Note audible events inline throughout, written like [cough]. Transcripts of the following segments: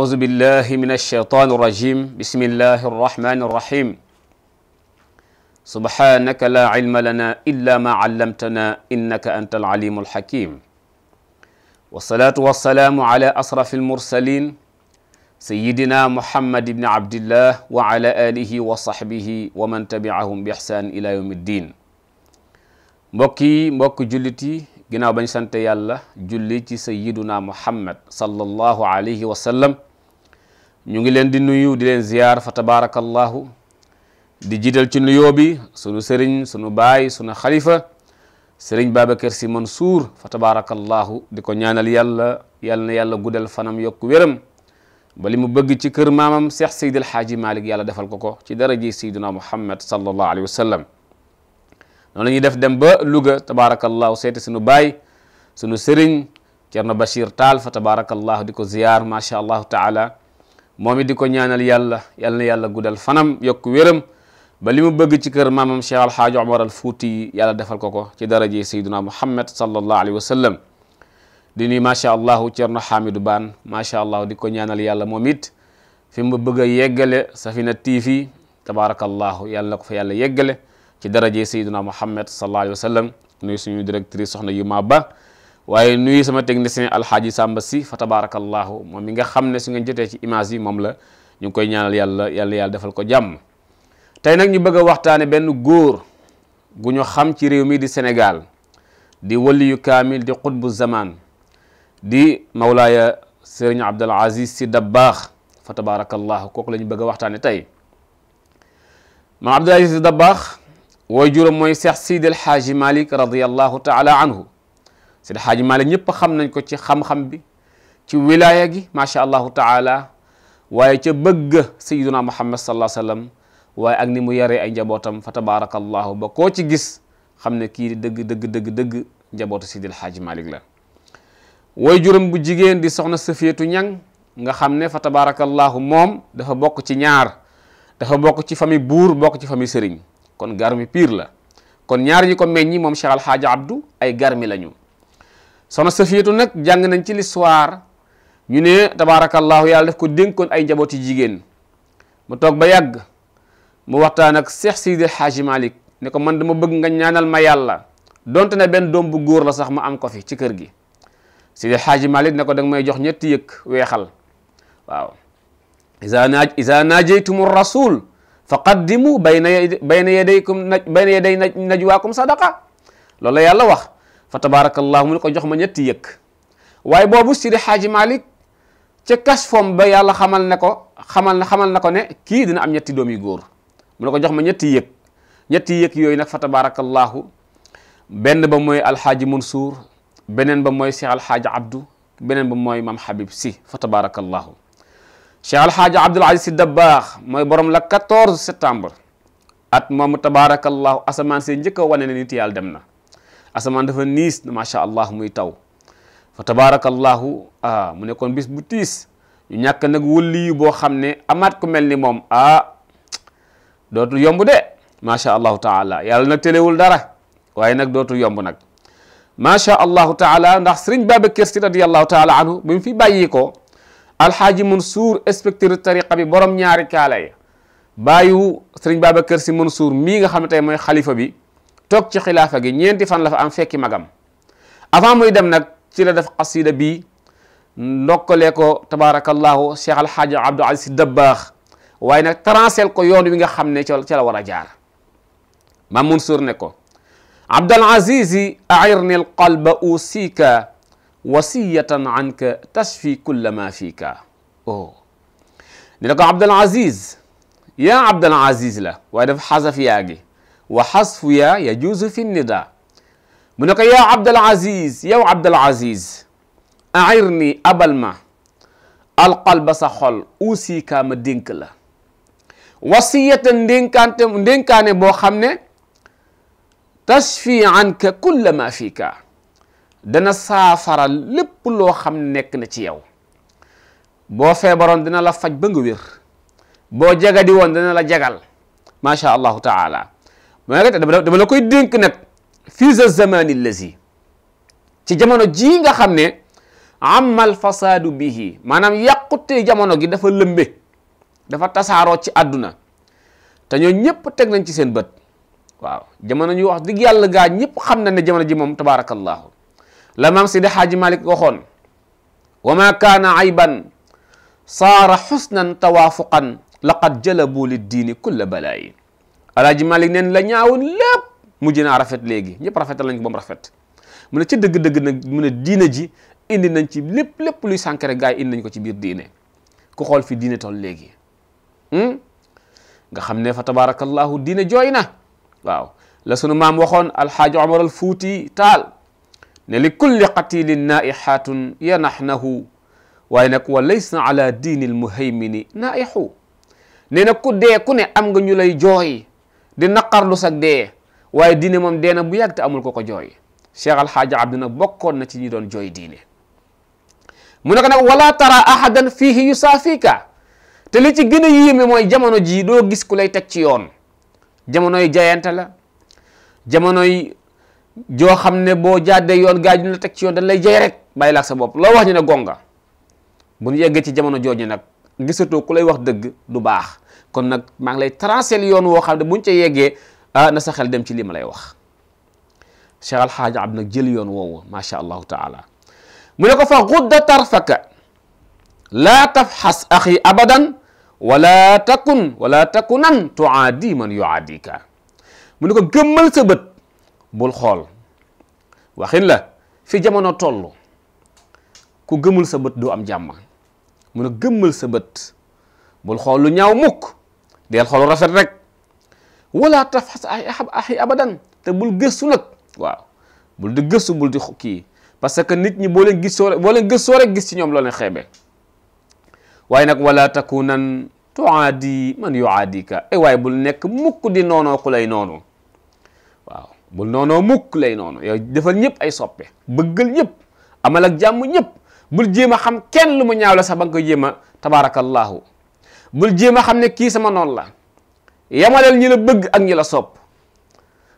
أعوذ بالله من الشيطان الرجيم بسم الله الرحمن الرحيم سبحانك لا علم لنا إلا ما علمتنا إنك أنت العليم الحكيم والصلاة والسلام على أشرف المرسلين سيدنا محمد بن عبد الله وعلى آله وصحبه ومن تبعهم بإحسان إلى يوم الدين mbokki mbokk jullit yi ginnaaw bañ sante yàlla julli ci sayyiduna muhammad sallallahu alayhi wa sallam ñu ngi leen di nuyu di leen ziyaar fa tabaarakallahu di jiital ci nuyoo bi sunu sëriñ sunu baay sunu xalifa sëriñ Babacar Sy Mansour fa tabaarakallahu di ko ñaanal yàlla yàlla na yàlla guddal fanam yokk wéram ba li mu bëgg ci kër maamam Seex Seydil Xaaji Malik yàlla defal ko ko ci daraji Seydina Muhammad sallallahu alayhi wa sallam noonu la def dem ba Louga tabaarakallahu seeti sunu baay sunu sëriñ Cerno Bachir Taal fa tabaarakallahu di ko ziyaar macha allahu taala moom it di ko ñaanal yàlla yàlla na yàlla guddal fanam yokk wéram ba li mu bëgg ci kër maamam Cheikh Al Hadj Omar yàlla defal ko ko ci daraje sayduna Muhammad sallallahu alayhi wa sallam di nuyu macha allah Thierno Hamidou Bane macha allah di ko ñaanal yàlla moom it fi mu bëgg a yeggale Safina TV tabaarakallahu yàlla na ko fa yàlla yeggale ci daraje sayduna Muhammad sallallahu alayhi wa sallam nuyu suñu directrice soxna Yuma Ba. waaye nuyu sama technicien alhaaji Samba si fa tabaarakallaahu moom mi nga xam ne su nga jotee ci image yi moom la ñu ngi koy ñaanal yàlla yàlla yàlla defal ko jàmm tey nag ñu bëgg a waxtaane benn góor gu ñu xam ci réew mi di Sénégal di waliyu kaamil di xutbu zaman di mawlaaya sëriñ Abdul Aziz si Dabbaax fa tabaarakallaahu kooku la ñu bëgg a waxtaane tey maam Abdul Aziz si Dabbaax wooy juróom mooy Seex Sidi El Hadji Malick radiyallahu taala anhu Seydi Xaaji Maalik ñëpp xam nañ ko ci xam-xam bi ci wilaaya gi macha allahu taala waaye ca bëgga sayiduna muhammad sallallahu alayhi wa sallam waaye ak ni mu yaree ay njabootam fa tabaraka allahu ba koo ci gis xam ne kii dëgg dëgg dëgg dëgg njabootu Seydi El Hadji Malick la way juróom bu jigéen di soxna Safiyatu Ñang nga xam ne fa tabarakallahu moom dafa bokk ci ñaar dafa bokk ci famille buur bokk ci famille sëriñ kon garmi piir la kon ñaar ñi ko meññi moom Cheikh Al Hadji ay garmi lañu soxna safiyatu nag jàng nañ ci l'histoire ñu ne tabaarakallaahu yàlla daf ko dénkoon ay njabooti jigéen mu toog ba yàgg mu waxtaan ak seex sidi xaaji malik ne ko man dama bëgg nga ñaanal ma yàlla donte ne benn doom bu góor la sax ma am ko fi ci kër gi sidi xaaji malik ne ko da nga may jox ñetti yëkk weexal waaw isa naaj isa naajeytumu rasul fa qaddimu bayna bayna yadaykum naj bayna yaday najwaakum sadaqa loolu la yàlla wax fa tabarakallahu mu ne ko jox ma ñetti yëkk waaye boobu Sidi Xaaji Malik ca kasfom ba yàlla xamal na ko xamal na xamal na ko ne kii dina am ñetti doom yu góor mu ne ko jox ma ñetti yëkk ñetti yëkk yooyu nag fa tabarakallahu benn ba mooy alxaaji Mansour beneen ba mooy Cheikh alxaaji Abdou beneen ba mooy Mam Habib si fa tabarakallahu Cheikh alxaaji Abdoul Aziz si Dabbaax mooy borom la 14 septembre at moomu tabarakallahu asamaan see njëkk wane ne nit dem na asamaan dafa niis macha allah muy taw fa tabaarakallahu ah mu nekkoon bis bu tiis ñu ñàkk nag wëlli yu boo xam ne amaat ku mel ni moom ah dootul yomb de macha allahu taala yàlla nag wul dara waaye nag dootul yomb nag macha allahu taala ndax sëriñ Babacar Si radiyallahu taala anhu bu mu fi bàyyi ko alxaaji Mansour inspecteur tariqa bi borom ñaari kaala yi bàyyiwu sëriñ Babacar Si Mansour mii nga xam ne tey mooy xalifa bi toog ci xilaafa gi ñeenti fan la fa am fekki magam avant muy dem nag ci la def qasida bi ndokkalee ko tabarakallahu cheikh alhaaji abdou aziz dabbaax waaye nag trancel ko yoon wi nga xam ne ca la war a jaar mam Mansour ne ko abdal azizi airni al qalba usika wasiyatan anka o oh. ne ko abdal aziz yaa abdal la waaye daf xasafiyaa gi wa xasfu yaa yajuusu fi nida mu ne ko yow Abdul Aziz yow Abdul Aziz abal ma alqalba sa xol uusika ma dénk la wasiyatan ndénkaante ndénkaane boo xam ne tashfi anka kulla ma fiika dana saafara lépp loo xam ne nekk na ci yow boo feebaroon dina la faj ba nga wér boo jagadi woon dina la jagal macha allahu ta'ala mooy rek dama dama la koy dénk nag fii za zamani lazi ci jamono ji nga xam ne amal fasaadu bihi maanaam yàqute jamono gi dafa lëmbe dafa tasaaroo ci àdduna te ñoo ñëpp teg nañ ci seen bët waaw jamono ñu wax dëgg yàlla gaa ñëpp xam na ne jamono ji moom tabaarakallaahu la maam Sidi Xaaji Malik waxoon wa ma kaana ayban saara xusnan tawaafuqan laqad jalabu liddiini kulla balaayi alaaji Malik neen la ñaawoon lépp mujj naa rafet léegi ñëpp rafetal nañ ko rafet mu ne ci dëgg-dëgg nag mu ne diine ji indi nañ ci lépp lépp luy sànq rek indi nañ ko ci biir diine ku xool fi diine toll léegi hmm? nga xam ne fa tabarakallahu diine jooy na waaw la sunu maam waxoon alxaaji Omar al Fuuti Taal ne li kulli qatilin naihatun yanaxnahu waaye nag wa laysa ala diini almuhaymini naihu ne na ku dee ku ne am nga ñu lay jooy di naqarlu sag dee waaye diine moom dee na bu yàgg te amul ko ko jooy Cheikh Alxaaji Abdu bokkoon na ci ñi doon jooy diine mu ne ko nag wala tara ahadan fiihi yusaafika te li ci gën a yéeme mooy jamono jii doo gis ku lay teg ci yoon jamonoy jayante la jamonoy joo xam ne boo jaadee yoon gaa ñu la teg ci yoon dañ lay jay rek bàyyi laak sa bopp loo wax ne ngonga bu ñu yeggee ci jamono jooju nag gisatoo ku lay wax dëgg du baax kon nag maa ngi lay tracel yoon woo xam ne buñ ca yeggee ah, na sa xel dem ci lii ma lay wax cheikh alxaaji abd nag jël yoon woowu macha allah taala mu ne ko fa gudda tarfaka laa tafxas axi abadan wala takun wala takunan tuaadi man yuaadika mu ne ko gëmmal sa bët bul xool waxin la fi jamono toll ku gëmul sa bët doo am jàmm mu ne gëmmal sa bët bul xool lu ñaaw mukk deel xool rafet rek wala tafas ay axi abadan te bul gëstu nag waaw bul di gëstu bul di kii parce que nit ñi boo leen gis soo boo leen gëstoo rek gis ci ñoom loo leen xeebee waaye nag wala takunan tuaadi man yuaadika e waaye bul nekk mukk di noonoo ku lay noonu waaw bul noonoo mukk lay noonu defal ñëpp ay soppe bëggal ñëpp amalak ak jàmm ñëpp bul jéem a xam kenn lu mu ñaaw la sax ba nga koy bul jéem a xam ne kii sama noonu la yamaleel ñi la bëgg ak ñi la sopp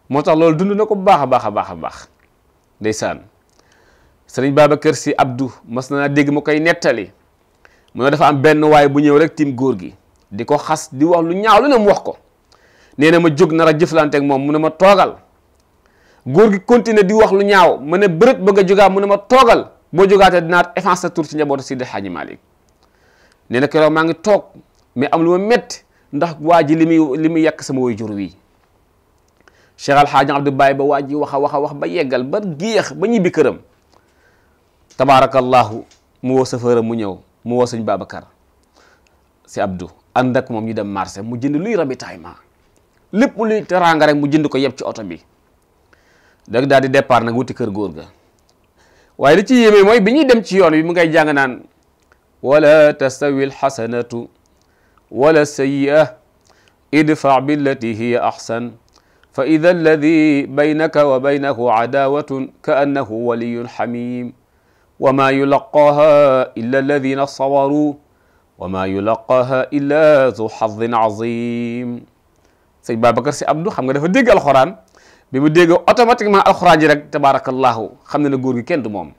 moo tax loolu dund na ko baax a baax a baax a baax ndeysaan sëriñ kër si Abdou mas naa dégg ma koy nettali mu ne dafa am benn waay bu ñëw rek tiim góor gi di ko xas di wax lu ñaaw lu ne mu wax ko nee na ma jóg nar a jëflante moom mu ne ma toogal góor gi continuer di wax lu ñaaw ma ne bërët bëgg a jógaat mu ne ma toogal boo jógaatee dinaa effacer sa tur ci njabootu Seydi Hadji Malick nee maa ngi toog mais am lu ma métti ndax waa ji li muy li muy yàq sama way jur wi Cheikh Alxaaji Abdou Baye ba waa ji wax a wax a wax ba yeggal ba géex ba ñibbi këram tabaarakallahu mu woo safara mu ñëw mu woo sëñ Babacar si Abdou ànd ak moom ñu dem marché mu jënd luy ravitaillement lépp luy teraanga rek mu jënd ko yëpp ci oto bi dag daal di départ nag wuti kër góor ga waaye li ci yéeme mooy bi ñuy dem ci yoon bi mu ngay jàng naan wala tastawi alxasanatu wala sayyi'a idfa' billati hiya ahsan fa idha alladhi baynaka wa baynahu adawatun ka'annahu waliyyun hamim wa ma yulaqqaha illa alladhina sabaru wa ma yulaqqaha illa dhu hadhin azim sëñ Babacar Si Abdou xam nga dafa dégg alxuraan bi mu dégg automatiquement alxuraan ji rek tabaarakallahu xam ne ne góor gi kenn du moom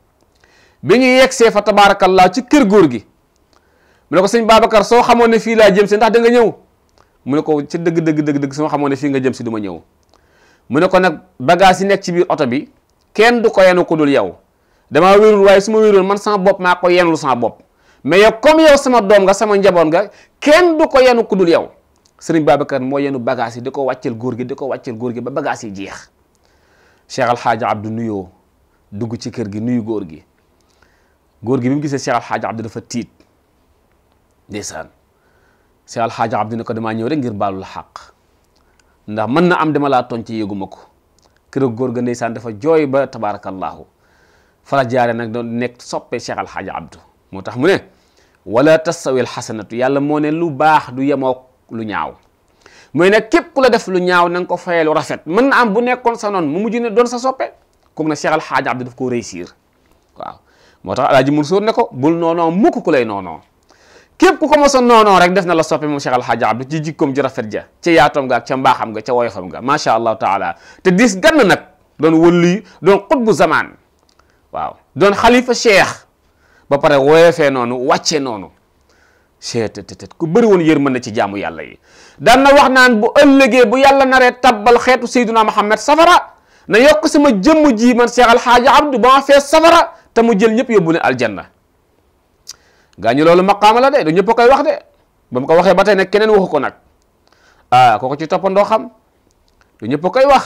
bi ñu yegsee fa tabaarakallahu ci kër góor gi mu ne ko sëñ Babacar soo xamoon ne fii laa jëm si ndax da nga ñëw mu ne ko ci dëgg dëgg dëgg dëgg soo xamoon ne fii nga jëm si du ma ñëw mu ne ko nag bagage yi nekk ci biir oto bi kenn du ko yenu ko dul yow damaa wérul waaye su ma wérul man sama bopp maa ko yenul sama bopp mais yow comme sama doom nga sama njaboot nga kenn du yenu ko dul yow sëriñ Babacar moo yenu bagage yi di ko wàcceel góor gi di ko wàcceel góor gi ba bagage yi jeex Cheikh Alxaaji Abdou nuyoo dugg ci kër gi nuyu góor gi góor gi bi mu gisee Cheikh Alxaaji Abdou dafa tiit de si alxaaja abdi ne ko damaa ñëw rek ngir baalu la xàq ndax mën na am dama laa toñ ci yëguma ko kër góor ga ndeysaan dafa jooy ba tabaarakallaahu fala jaare nag doon nekk soppee cheikh alxaaja abdu moo tax mu ne wala tastawi alxasanatu yàlla moo ne lu baax du yemoo lu ñaaw mooy nag képp ku la def lu ñaaw na nga ko lu rafet mën na am bu nekkoon sa noon mu mujj ne doon sa soppe kooku na cheikh xaaja abdu daf koo réussir waaw moo tax alaaji Mansour ne ko bul noonoo mukk ku lay noonoo képp ko mosa noonoo rek def na la soppe moom Cheikh Alhaaji Abdou ci jikkoom ji rafet ja ca yaatoom nga ak ca mbaaxam nga ca woyoxam nga macha allahu taala te dis gann nag doon wëlluyu doon xutbu zamaan waaw doon xalifa cheikh ba pare woyofee noonu wàcce noonu seetetetet ku bëri woon na ci jaamu yàlla yi daan na wax naan bu ëllëgee bu yàlla naree tabbal xeetu Seydina Muhammad safara na yokk sama jëmm ji man Cheikh Alhaaji Abdou ba ma fees safara te mu jël ñëpp yóbbu ne aljanna gaa ñu loolu maqaama la de du ñëpp koy wax de ba mu ko waxee ba tey nag keneen waxu ko nag ah kooku ci toppandoo xam du ñëpp koy wax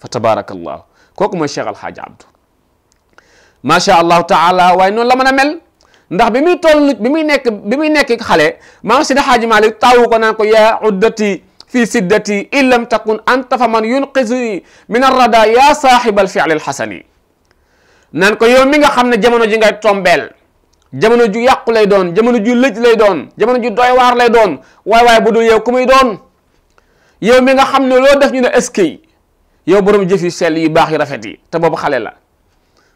fa tabarakallahu kooku mooy Cheikh Alxaaji Abdou macha allahu taala waaye noonu la mën a mel ndax bi muy toll muy nekk bi muy nekk xale maam Sidi Xaaji Maalik taawu ko naan ko yaa uddati fi siddati in lam takun anta fa man yunqizuni min arrada yaa saaxibal fi'li alxasani naan ko yow mi nga xam ne jamono ji ngay tombeel jamono ju yàqu lay doon jamono ju lëj lay doon jamono ju doy waar lay doon waay waay bu dul yow ku muy doon yow mi nga xam ne loo def ñu ne eskay yow borom jëf yu sell yu baax yu rafet yi te boobu xale la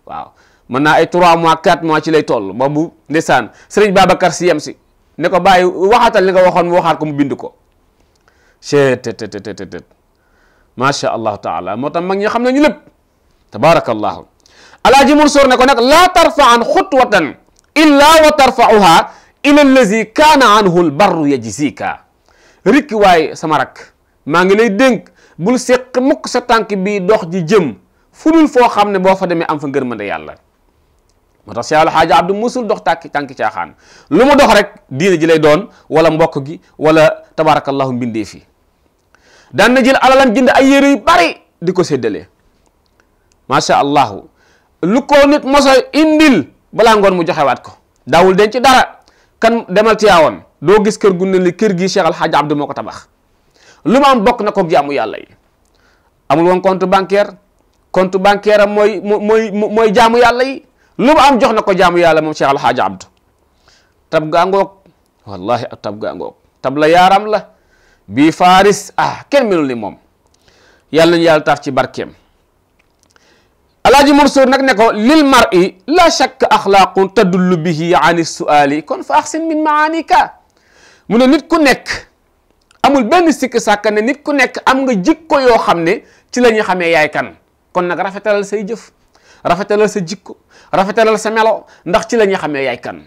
waaw mën naa ay 3 mois 4 mois ci lay toll boobu ndeysaan sëriñ Babacar si yem si ne ko bàyyi waxaatal li nga waxoon mu waxaat ko mu bind ko chet tet tet tet macha allahu taala moo tax mag ñi xam nañu lépp tabaarakallahu alaaji Mansour ne ko nag laa tarfa an xutwatan illaa wa tarfauha ila allazi kaana anhu lbarru yajzika rikki waay sama rak maa ngi lay dénk bul seq mukk sa tànk bi dox ji jëm fu dul foo xam ne boo fa demee am fa ngërmande yàlla moo tax Seex Alxaaji Abdu musul dox tànki tànki caaxaan lu mu dox rek diine ji lay doon wala mbokk gi wala tabarakallahu mbindee fi dan na jël alalam jënd ay yére yu bari di ko séddale macha allahu lu ko nit mosa indil balaa ngoon mu joxewaat ko daawul denc dara kan demal Tiwaawan doo gis kër gu ne li kër gi Cheikh Al Hadj Abdou ko tabax lu ma am bokk na ko jaamu yàlla yi amul woon compte bancaire compte am mooy mooy mooy jaamu yàlla yi lu mu am jox na ko jaamu yàlla moom Cheikh Al Hadj Abdou tab gaa ngoog tab gaa tab la yaaram la bii Faris ah kenn melul ni moom yàlla nañu yàlla taaf ci barkeem. alaaji Mansour nag ne ko lil mar'i la shakka axlaaqun tadullu bihi ani su'aali kon fa axsin min maanika mu ne nit ku nekk amul benn sikk sàkka ne nit ku nekk am nga jikko yoo xam ne ci la ñuy xamee yaay kan kon nag rafetalal say jëf rafetalal sa jikko rafetalal sa melo ndax ci la ñuy xamee yaay kan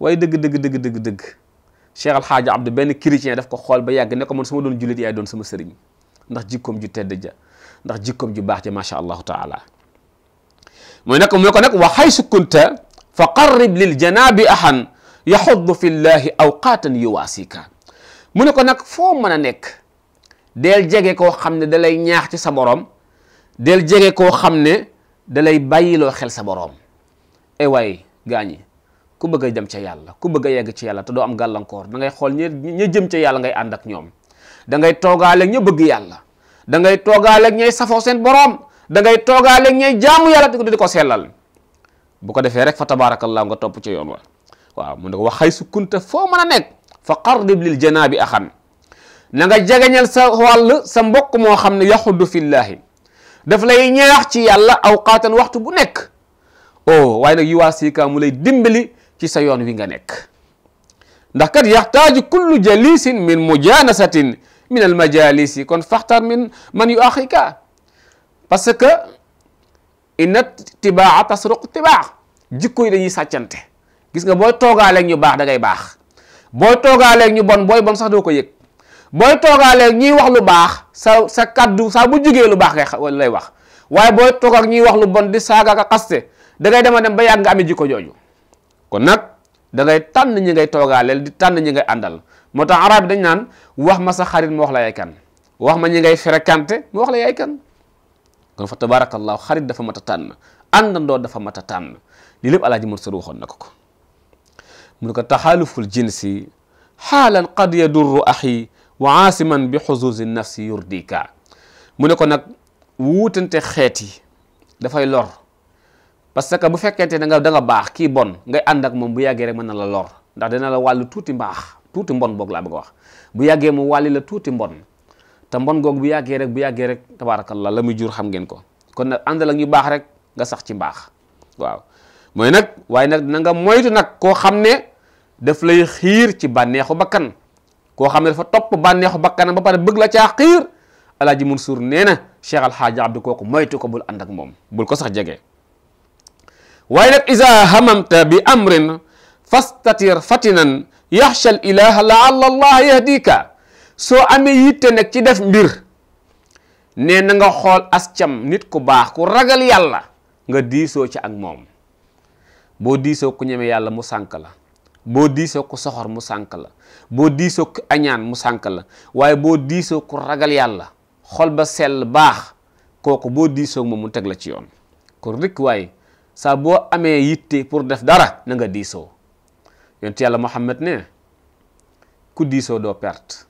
waaye dëgg dëgg dëgg dëgg dëgg Cheikh Al Hadj Abdou benn chrétien daf ko xool ba yàgg ne ko man su ma doon jullit yaay doon sama sëriñ ndax jikkoom ju tedd ja ndax jikkoom ju baax ja macha allah ta'ala. mooy nag mu ne ko nag wa xaysu kunta fa qarrib lil janaabi ahan yaxuddu fi llahi awqaatan yuwaasika mu ne ko nag foo mën a nekk del jege koo xam ne dalay ñaax ci sa borom del jege koo xam ne dalay bàyyiloo xel sa boroom e eh waay gaañi ku bëgg a dem ca yàlla ku bëgg a yegg ci yàlla te doo am gàllankoor da ngay xool ña ña jëm ca yàlla ngay ànd ak ñoom da ngay toogaale ña bëgg yàlla da ngay toogaale ñay safoo seen da ngay toogaale ñay jaamu yàlla di ko sellal bu ko defee rek fa tabaarakallaahu nga topp ci yoon wa waaw mu ne wax xay su kunta foo mën a nekk fa qarrib lil janaabi axan na nga jegeñal sa wàll sa mbokk moo xam ne yaxuddu fillaahi daf lay ñaax ci yàlla awqaatan waxtu bu nekk o oh, waaye nag yu waa mu lay dimbali ci sa yoon wi nga nekk ndax kat yaxtaaju kullu jalisin min mujanasatin min al kon faxtar min man yu axika parce que inna tibaa tasruq tibaa jikko yi dañuy sàccante gis nga booy toogaaleeg ñu baax da ngay baax booy toogaaleeg ñu bon booy bon sax doo ko yëg booy toogaaleeg ñuy wax lu baax sa sa kaddu saa bu jugee lu baax ngay lay wax waaye booy toog ak ñuy wax lu bon di saaga ak xaste dangay ngay dema dem ba yàgg nga amee jikko jooju kon nag dangay ngay tànn ñu ngay toogaaleel di tànn ñi ngay àndal moo tax arab dañ naan wax ma sa xarit mu wax la yaay kan wax ma ñi kon fa tabaarakallaahu xarit dafa mat a tànn àndandoo dafa mat a tànn lii lépp alaaji Mansour waxoon na ko ko ne ko taxaaluful jinsi xaalan qad yadurru axi wa aasiman bi xuzuzi nafsi yurdika mu ne ko nag wutante xeet yi dafay lor parce que bu fekkente da nga da nga baax ki bon ngay ànd ak moom bu yàggee rek mën na la lor ndax dina la wàllu tuuti baax tuuti mbon boog laa bëgg a wax bu yàggee mu wàlli la tuuti mbon te mbon goog bu yàggee rek bu yàggee rek tabaarakallah la muy jur xam ngeen ko kon nag ànd la baax rek nga sax ci mbaax waaw mooy nag waaye nag na nga moytu nag koo xam ne daf lay xiir ci bànneexu bakkan koo xam ne dafa topp bànneexu bakkanam ba pare bëgg la caa xiir alaaji suur nee na Cheikh Alxaaji Abdu kooku moytu ko bul ànd ak moom bul ko sax jege waaye nag isa hamamta bi amrin fastatir fatinan yaxsha al ilaha laalla allah yahdika soo amee yitte nag ci def mbir ne na nga xool ascam nit ku baax ku ragal yàlla nga diisoo ci ak moom boo diisoo ku ñeme yàlla mu sànk la boo diisoo ku soxor mu sànk la boo diisoo ku añaan mu sànk la waaye boo diisoo ku ragal yàlla xol ba sell baax kooku boo diisoo moom mu teg la ci yoon kon rek waaye saa boo amee yitte pour def dara na nga diisoo yonent yàlla Muhammad ne ku diisoo doo perte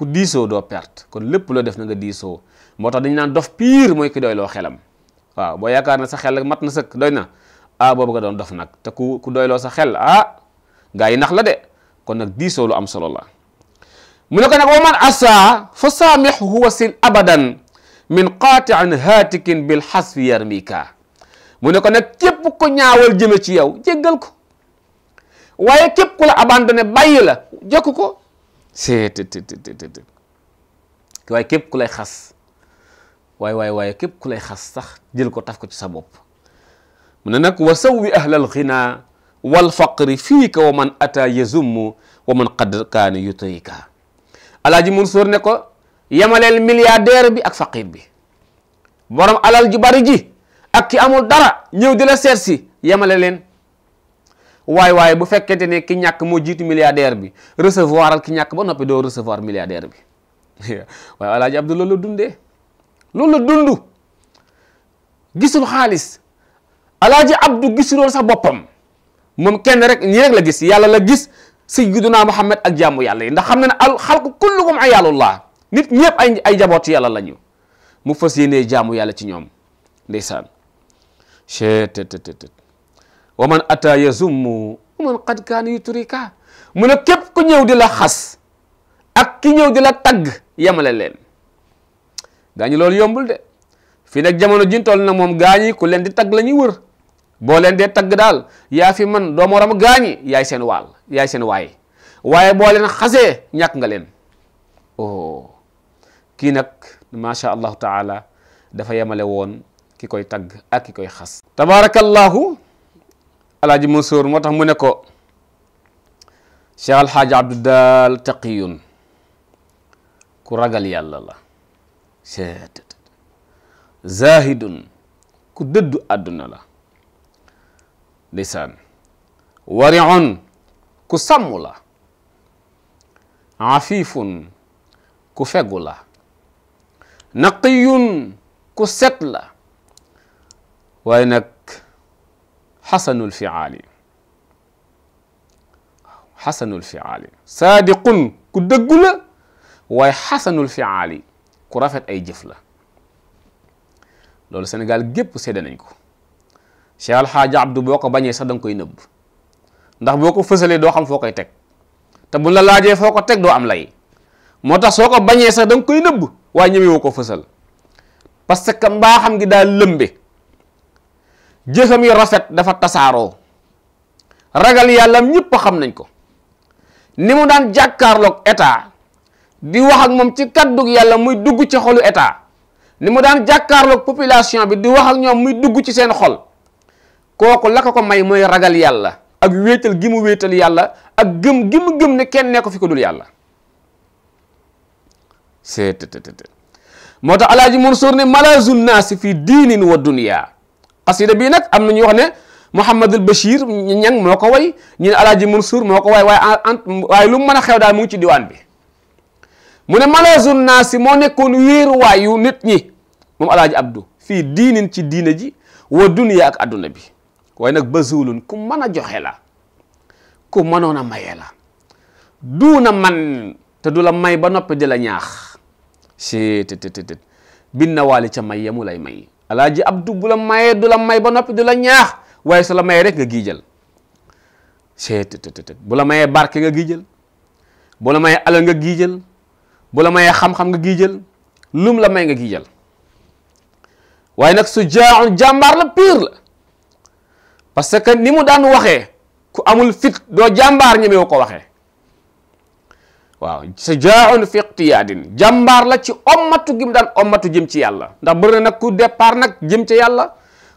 ku diisoo doo perte kon lépp loo def na nga diisoo moo tax dañu naan dof piir mooy ki doy loo xelam waaw boo yaakaar ne sa xel mat na sëkk doy na ah, boobu nga doon dof nag te ku ku doyloo sa xel ah gaa yi nax la de kon nag diisoo lu am solo la mu ne ko nag wa man asa fa saamixhu wasil abadan min qaatiin haatikin bil xasfi yarmika mu ne ko nag képp ko ñaawal jëme ci yow jéggal ko waaye képp ku la abandonné bàyyi la jokk ko seet waaye képp ku lay xas waaye waaye waaye képp ku lay xas sax jël ko taf ko ci sa bopp mu ne nag wa sawwi ahlal xinaa wal faqri fiika wa man ata yazummu wa man qad kaana yutayika alaaji Mansour ne ko yemaleel milliardaire bi ak faqir bi borom alal ju bari ji ak ki amul dara ñëw di la seet si yemale waay waaye bu fekkente ne ki ñàkk moo jiitu milliardaire bi recevoiral ki ñàkk ba noppi doo recevoir milliardaire bi [laughs] waaye Alaaji loolu la dundee loolu la dund gisul xaalis Alaaji Abdu gisuloon sa boppam moom kenn rek ñi rek la gis yàlla la gis sayyiduna Muhammad ak jaamu yàlla yi ndaxam xam na ne al xalqu kullukum laa nit ñëpp ay ay jabooti yàlla lañu mu fas yéenee jaamu yàlla ci ñoom ndeysaan. wa man ata yazummu wa man qad kaana ka mu ne képp ku ñëw di la xas ak ki ñëw di la tagg yemale leen gaañi loolu yombul de fii nag jamono jin toll na moom gaañi ku leen di tagg la ñuy wër boo leen dee tagg daal yaa fi man doo morom gaañi yaay seen waal yaay seen waay waaye boo leen xasee ñàkk nga leen oh kii nag macha allahu taala dafa yemale woon ki koy tagg ak ki koy xas tabaarakallahu alaaji Mansour moo tax mu ne ko Cheikh Alxaaji Abdu taqiyun ku ragal yàlla la seet zahidun ku dëddu àdduna la lisaan wariun ku sammu la afifun ku fegu la naqiyun ku set la waaye xasanul fiaali xasanul fiaali saadiqun ku dëggu la waaye xasanul fiaali ku rafet ay jëf la loolu Sénégal gépp sédda nañ ko Cheikh Alxaaji Abdu boo ko bañee sax danga koy nëbb ndax boo ko fësalee doo xam foo koy teg te bu la laajee foo ko teg doo am lay moo tax soo ko bañee sax dang koy nëbb waaye ñëmewoo ko fësal parce que mbaaxam gi daa lëmbe jëfam yi rafet dafa tasaaroo ragal yàlla ñëpp xam nañ ko ni mu daan jàkkaarlook état di wax ak moom ci kaddug yàlla muy dugg ci xolu état ni mu daan jàkkaarlook population bi di wax ak ñoom muy dugg ci seen xol kooku la ko ko may mooy ragal yàlla ak wéetal gi mu wéetal yàlla ak gëm gi mu gëm ne kenn nekk fi ko dul yàlla seet moo tax alaaji Mansour ne malazun naasi fi diinin wa dunya xasida bii nag am na ñuy wax ne Mouhamadul Bachir ñang moo ko way ñu ne Alaaji Mansour moo ko way waaye en waaye lu mu mën a xew daal mu ngi ci diwaan bi mu ne malazun naasi moo nekkoon wéeruwaayu nit ñi moom Alaaji Abdou fii diinin ci diina ji wa duniya ak adduna bi waaye nag bazulun ku mën a joxe la ku mënoon a maye la duuna man te du la may ba noppi di la ñaax si te te te na waali ca may yamu lay may alaaji abdu bu la mayee du la may ba noppi du la ñaax waaye su la mayee rek nga giijal seet bu la mayee barke nga giijal bu la mayee alal nga giijal bu la mayee xam-xam nga giijal lum la may nga giijal waaye nag su jaaxul jàmbaar la pire la parce que ni mu daan waxee ku amul fit doo jàmbaar ñemewu ko waxee waaw sa jaaxun fi iqtiyaadin jàmbaar la ci ommatu gi mu ommatu jëm ci yàlla ndax bëri na nag ku départ nag jëm ci yàlla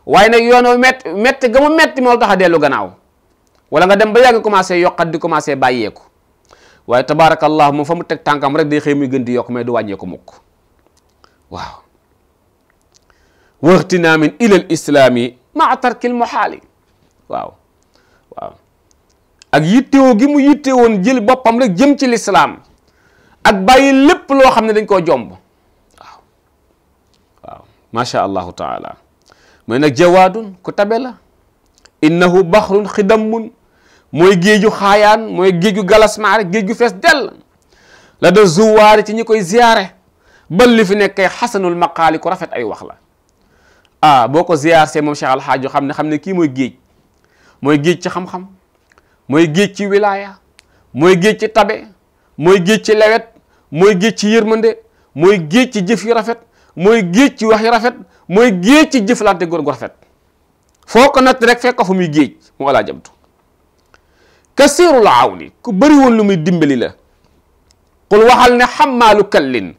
waaye nag yoon mett metti ga mu metti moo tax a dellu gannaaw wala nga dem ba yàgg commencé yokka di commencé bàyyeeku waaye tabaarakallah moom fa mu teg tànkam rek day xëy muy gën di yokk mais du wàññeeku mukk waaw waxtinaamin ilal islaami maa tarkil muhaali waaw ak yittewoo gi mu yittewoon jël boppam rek jëm ci lislaam ak bàyyi lépp loo xam ne dañ koo jomb waaw waaw macha allahu taala mooy nag jawaadun ku tabe la innahu baxrun xidammun mooy géeju xaayaan mooy géeju galasmaare géej gu fees dell la da zuwaari ci ñi koy ziyaare ba li fi nekk kay xasanul maqaali ku rafet ay wax la ah boo ko ziyaar see moom Cheikh Alxaajo xam ne xam ne kii mooy géej mooy géej ci xam-xam mooy géej ci wilaaya mooy géej ci tabe mooy géej ci lewet mooy géej ci yërmande jëf yu rafet mooy géej ci wax yu rafet mooy géej ci jëflante góor gu rafet foo ko natt rek fekk fu muy géej moo laa jamtu kasiirul awni ku bëri woon lu muy dimbali la xul waxal ne xammaalu kallin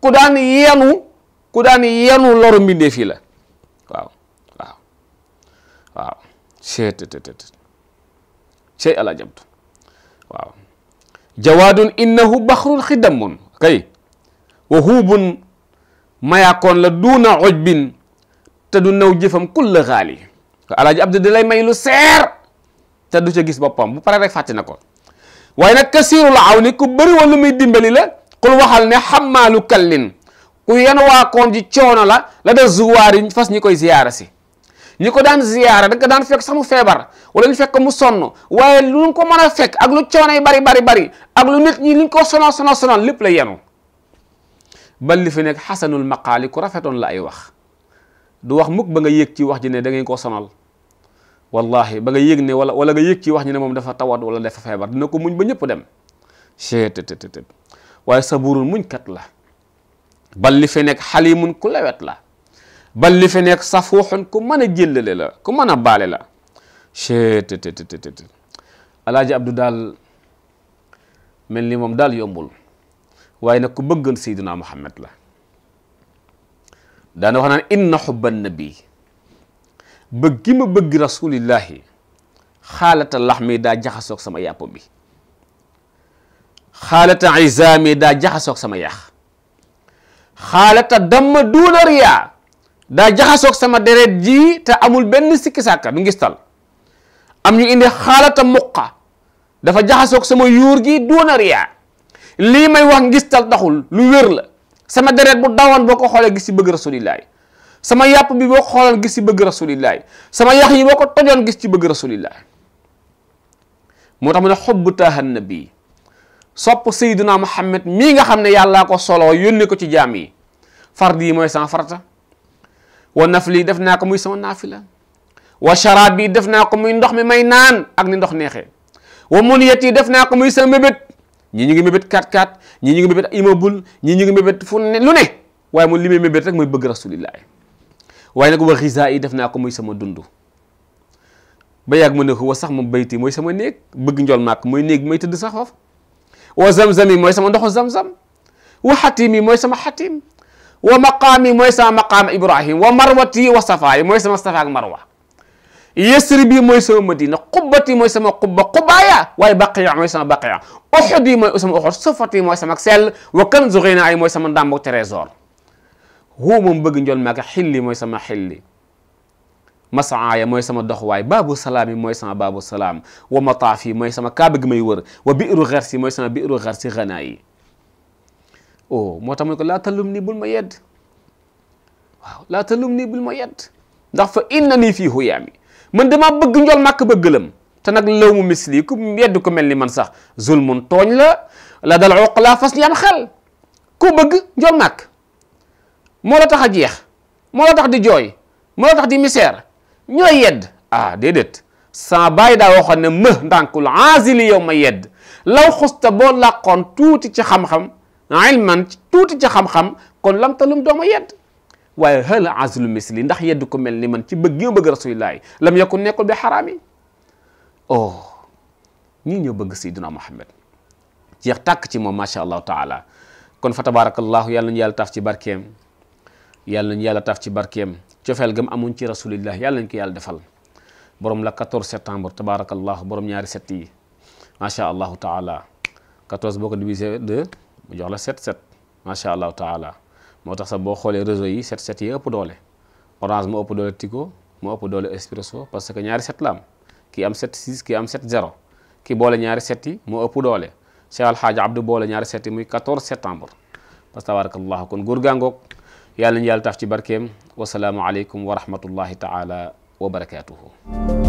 ku daan yenu ku daan yenu loru mbindeef yi la waaw waaw sey ala jamtu waaw jawaadun innahu baxrul xidammun kay wa huubun mayaakoon la duuna ojbin te du naw jëfam kulla xaali alaaji abdu di lay may lu seer te du sa gis boppam bu pare rek fàtte na ko waaye nag kasirul aw ni ku bëri woon dimbali la xul waxal ne xammaalu kallin ku yen waakoon ji coono la la da zuwaari fas ñi koy ziyaara si ñi ko daan ziyaara da nga daan fekk sax mu feebar wala ñu fekk mu sonn waaye lu ko mën a fekk ak lu coono yi bari bari bari ak lu nit ñi liñ ko sonal sonal sonal lépp la yenu bal li fi nekk xasanul maqaali ku rafetoon la ay wax du wax mukk ba nga yéeg ci wax ji ne da ngeen koo sonal wallahi ba nga yéeg ne wala wala nga yéeg ci wax ji ne moom dafa tawat wala dafa feebar dina ko muñ ba ñëpp dem chetttt waaye saburun muñ kat la bal li fi nekk xalimun ku lewet la ba li fi nekk safuuxun ku mën a jéllale la ku mën a baale la chettt alaaji abdu daal mel ni moom daal yombul waaye nag ku bëgg sayduna muhammad la daana wax naan inna xubban nabi bëgg ma bëgg rasulillahi xaalata laxmi daa jaxasoog sama yàpp bi xaalata isaami daa jaxasoog sama yax damma duuna riyaa daa jaxasoog sama deret ji te amul benn sikki sàkka du ngistal am ñu indi xaalata muqa dafa jaxasoog sama yuur gi duuna riyaa lii may wax ngistal daxul lu wér la sama deret bu dawoon boo ko xoolee gis ci bëgg rasulillahi sama yàpp bi boo ko gis ci bëgg rasulillahi sama yax yi boo ko tojoon gis ci bëgg rasulillahi moo tax mu ne xobbu taahan nabi sopp sayduna muhammad mii nga xam ne yàllaa ko soloo yónni ko ci jaam yi fard yi mooy sama farata wa nafli def naa ko muy sama naafila wa sharaab bi def naa ko muy ndox mi may naan ak ni ndox neexee wa muniyat yi def naa ko muy sama mébét ñii ñu ngi mébét 4-4 ñii ñu ngi mébét immeuble ñii ñu ngi mébét fu ne lu ne waaye moom li muy mébét rek mooy bëgg rasulillahi waaye nag wa xisaa yi def naa ko muy sama dund ba yàgg mu ne ko wa sax moom bayti mooy sama néeg bëgg njool màkk mooy néeg bi may tëdd sax foofu wa zamzam yi mooy sama ndoxu zamzam wa xatim yi mooy sama xatim wa maqaami mooy sama maqaama ibrahim wa marwati wa safaayi mooy sama safa ak marwa yasri bi mooy sama madina qubbati mooy sama qubba qubaaya waaye baqiya mooy sama baqiya uxud yi mooy sama uxud sufati mooy sama sell wa kanzu ghina ay mooy sama ndàmbu trésor hu moom bëgg njool maaka xilli mooy sama xilli masaaya mooy sama doxwaay baabu salaam yi mooy sama baabu salaam wa mataaf yi mooy sama kaaba gi may wër wa biiru xersi mooy sama biiru xersi xanaa yi o moo tax mu ne ko laa talum nii bul ma yedd waaw laa talum ndax fa inna nii fii xuyaami man dama bëgg njool màkk ba gëlëm te nag law mu misli ku yedd ko mel ni man sax mun tooñ la la dal uqlaa fas ñi am xel ku bëgg njool màkk moo la tax a jeex moo la tax di jooy moo la tax di misère ñooy yedd ah déedéet sa bàyyi daa waxoon ne më ndànkul aasili yow ma yedd law xusta boo làqoon tuuti ci xam-xam ilman tuuti ca xam-xam kon lam talum dooma yedd waaye hal azlu misli ndax yedd ko mel ni man ci bëgg gi ma bëgg rasulillahi lam yakun nekkul bi xaraam yi oh ñii ñëw bëgg sayduna muhammad jeex takk ci moom macha allahu taala kon fa tabarakallahu yàlla nañu yàlla taf ci barkem yàlla nañu yàlla taf ci barkeem cofeel gam amuñ ci rasulillah yàlla nañ ko yàlla defal borom la 14 septembre tabarakallahu borom ñaari set yi macha allahu taala mu jox la set set macha allah taala moo tax sax boo xoolee réseau yi set set yi ëpp doole orange moo ëpp doole Tigo moo ëpp doole Expresso parce que ñaari set la am kii am set 6 kii am set 0 ki boole ñaari set yi moo ëpp doole Cheikh Al Hadj Abdou boole ñaari set yi muy 14 septembre parce que tabarakallah kon góor gàngoog yàlla nañu yàlla taaf ci barkeem wasalaamualeykum wa rahmatullahi taala wa barakaatuhu.